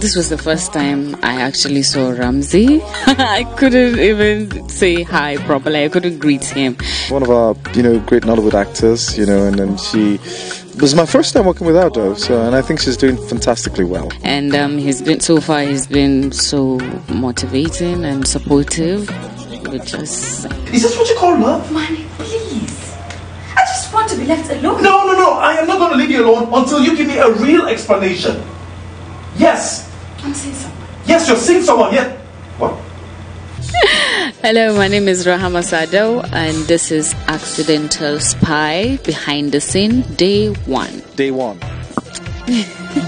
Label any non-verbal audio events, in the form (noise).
This was the first time I actually saw Ramsey. (laughs) I couldn't even say hi properly. I couldn't greet him. One of our, you know, great Nollywood actors, you know, and, then she it was my first time working with her so and I think she's doing fantastically well. And um, he's been so far, he's been so motivating and supportive, which is. Is this what you call love, Manny? Please, I just want to be left alone. No, no, no! I am not going to leave you alone until you give me a real explanation. Yes, I'm seeing someone. Yes, you're seeing someone. Yes. What? (laughs) Hello, my name is Rahama Sado, and this is Accidental Spy Behind the Scene Day One. Day One. (laughs)